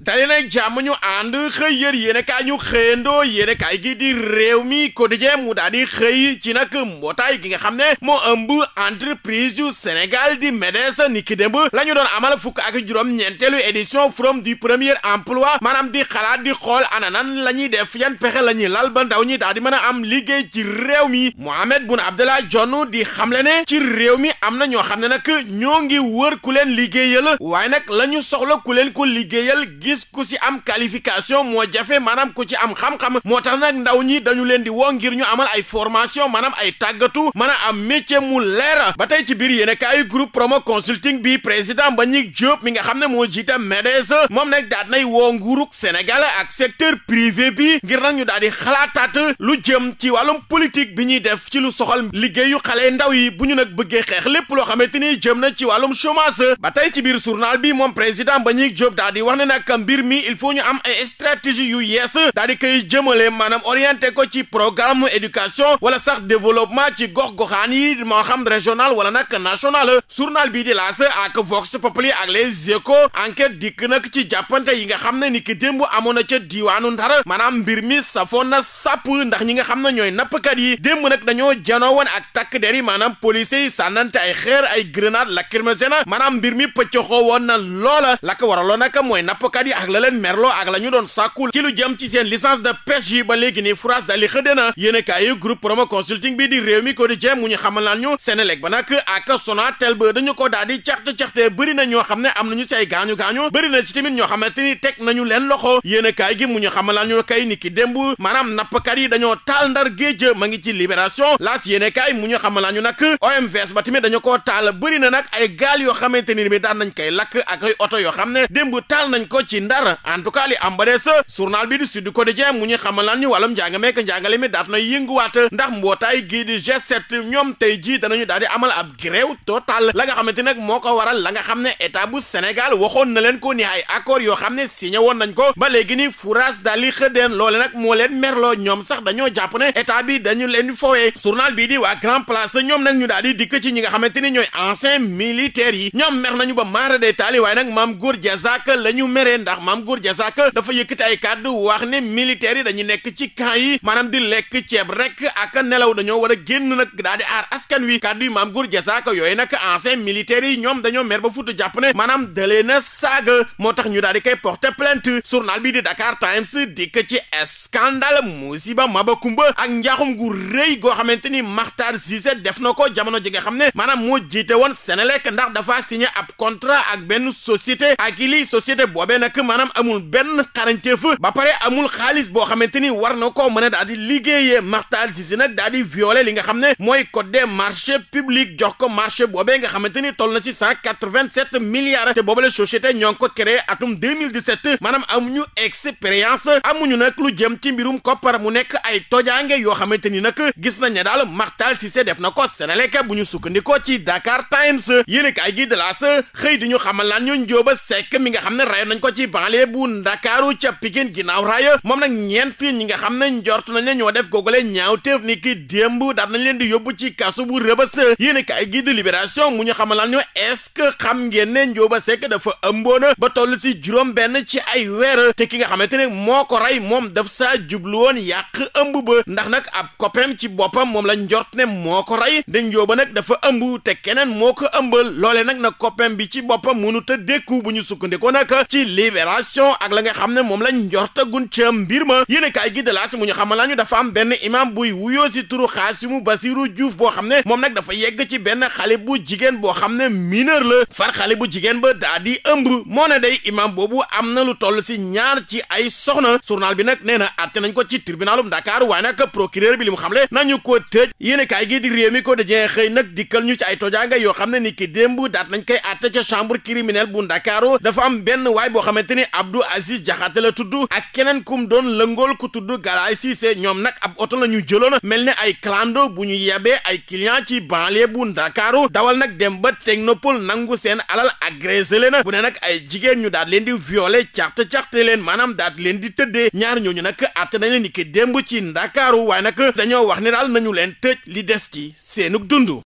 dali nag jàmm ñu ànd xëy yër yéen kaay ñu xëyandoo yéen kaay gi di réew mi quotidien mu daal di xëy ci nag mbootaay gi nga xam ne moo ëmb entreprise yu Sénégal di MEDES ni ki démb la ñu doon amal fukk ak juróom ñeenteelu édition forum du premier emploi maanaam di xalaat di xool nan la ñuy def yan pexe la ñuy lal ba ndaw ñi daal di mën a am liggéey ci réew mi Mohamed Boun Abdallah Dionne di xam ne ci réew mi am na ñoo xam ne nag ñoo ngi wër ku leen liggéeyal waaye nag la ñu soxla leen ko liggéeyal gis ku ci am qualification moo jafe maanaam ku ci am xam-xam moo tax nag ndaw ñi dañu leen di woo ngir ñu amal ay formation maanaam ay tàggatu mën a am métier mu leer ba tey ci biir yéen kaayu groupe promo consulting bi président Mbagnick Diop mi nga xam ne moo jiite MEDES moom nag daal nay woo nguurug Sénégal ak secteur privé bi ngir nag ñu daal di xalaataat lu jëm ci wàllum politique bi ñuy def ci lu soxal liggéeyu xale ndaw yi bu ñu nag bëggee xeex lépp loo xamante ni jëm ci wàllum chômage ba tey bi moom président mbir mi il faut ñu am ay stratégie yu yees daal di koy jëmale maanaam orienté ko ci programme éducation wala sax développement ci gox-goxaan yi moo xam régional wala nag national journal bii di laas ak Vox Populi ak les Échos enquête dikk nag ci jàppante yi nga xam ne ni ki démb amoon na ca diiwaanu Ndar maanaam mbir mi safoon na sàpp ndax ñi nga xam ne ñooy nappkat yi démb nag dañoo janoo woon a takk der yi maanaam policiers yi sànnante ay xeer ay grenade lacrymogène maanaam mbir mi pëccoxoo woon na loola la ko waraloon nag mooy yi ak la leen merloo ak la ñu doon sàkkul ci lu jëm ci seen licence de pêche yi ba léegi nii France daal di na yéen a kaay yu groupe consulting bi di réew mi quotidien mu ñu xamal naan ñu Senelec ba nag ak Sonatel ba dañu ko daal caxte caxte bëri na ñoo xam ne am nañu si ay gaañu-gaañu bëri na ci tamit ñoo xamante ni teg nañu leen loxo yéen a kaay gi mu ñu xamal ñu kay ni ki démb maanaam nappkat yi dañoo taal ndar géej ma ngi ci libération a ba tamit na nag ay yoo xamante ni mi daan nañ koy lakk ak ay oto ci ndar en tout cas li am ba des journal bi di Sud Quotidien mu ñu xamal lan ñu wàllum njàng meek njàngale mi daat na yënguwaat ndax mbootaay gii di g ñoom tey jii danañu daal di amal ab grève total la nga xamante moo ko waral la xam ne état bu Sénégal na leen ko ni ay yoo xam ne signé woon nañ ko ba léegi ni fourage daal di loole nag moo leen merloo ñoom sax dañoo jàpp ne état dañu leen fowee journal bii di waa Grand Place ndax maam góor jasak dafa yëkkati ay kàddu wax ne militaires yi dañu nekk ci camp yi maanaam di lekk ceeb rek ak nelaw dañoo war a génn nag daa di aar askan wi kàddu yi maam góor jasak yooyu nag ancien militaires yi ñoom dañoo mer ba futu jàpp ne maanaam dalee na saaga moo tax ñu daal di koy porter plainte journal bi di Dakar Times dikk ci scandale musiba mabakumba ak njaaxum gu rëy goo xamante ni Makhtar Cissé def na ko jamono ji nga xam ne maanaam moo jiite woon lekk ndax dafa signé ab contrat ak benn société ak lii société boobee nag maanaam amul benn xarañteef ba pare amul xaalis boo xamante ni war na ko mën a daal di liggéeyee Makhtar Cissé nag li nga xam ne mooy code des marchés publics jox ko marché boobee nga xamante ni toll na si cent quatre-vingt-sept milliards te boobale société ñoo ngi ko créé atum 2017 maanaam amuñu expérience amuñu nag lu jëm ci mbirum koppar mu nekk ay tojaange yoo xamante ni nag gis na ne daal Makhtar Cissé def na ko Sénélec bu ñu sukkandikoo ci Dakar Times a kaay ci banlieue bu ndakaaru ca Pikine ginnaaw raaya moom na ñeent ñi nga xam ne njort nañ ne ñoo def ñaaw ñaawteef ni ki démb daal nañ leen di yóbbu ci kasu bu rëbës yéen kay gi di libération mu ñu xamalaan ñu est-ce que xam ngeen ne Njóoba Sekk dafa ëmboona ba toll si juróom benn ci ay weer te ki nga xamante ne moo ko ray moom daf saa jubluwoon yàq ëmb ba ndax nag ab copain ci boppam moom la njort ne moo ko rey de Njóoba nag dafa ëmb te keneen moo ko ëmbal loole nag na bi ci boppam mënut a dékku bu ñu sukkandikoo libération ak xam ne moom la njortagun ca mbir ma yéen kaay gi de laas mu ñu xamal dafa am benn imam buy wuyoo si turu Xaasimu Basiru Juuf boo xam ne moom nag dafa yegg ci benn xale bu jigéen boo xam ne mineur la far xale bu jigéen ba daa di ëmb moo ne day imam boobu am na lu toll si ñaar ci ay soxna journal bi nag nee na àtte nañ ko ci tribunalum Dakar waaye nag procureur bi li xam le nañu ko tëj yéen kaay gi di réew mi ko dajee xëy nag dikkal ñu ci ay tojaanga yoo xam ne ni ki démb daat nañ koy àtte ca chambre criminelle bu Ndakaaru dafa am benn xamante ni Abdou Aziz Diakhaté la tudd ak keneen kum doon lëngool ku tudd Galaye Cissé ñoom nag ab oto la ñu jëloon mel ne ay clando bu ñu yebee ay client ci banlieue bu Ndakaaru dawal nag dem ba Technopole nangu seen alal agressé leen bu ne nag ay jigéen ñu daat leen di violer càrt càrt leen maanaam daat leen di tëddee ñaar ñooñu nag àtte nañ leen ni ki démb ci Ndakaaru waaye nag dañoo wax ne daal nañu leen tëj li des ci seenug dund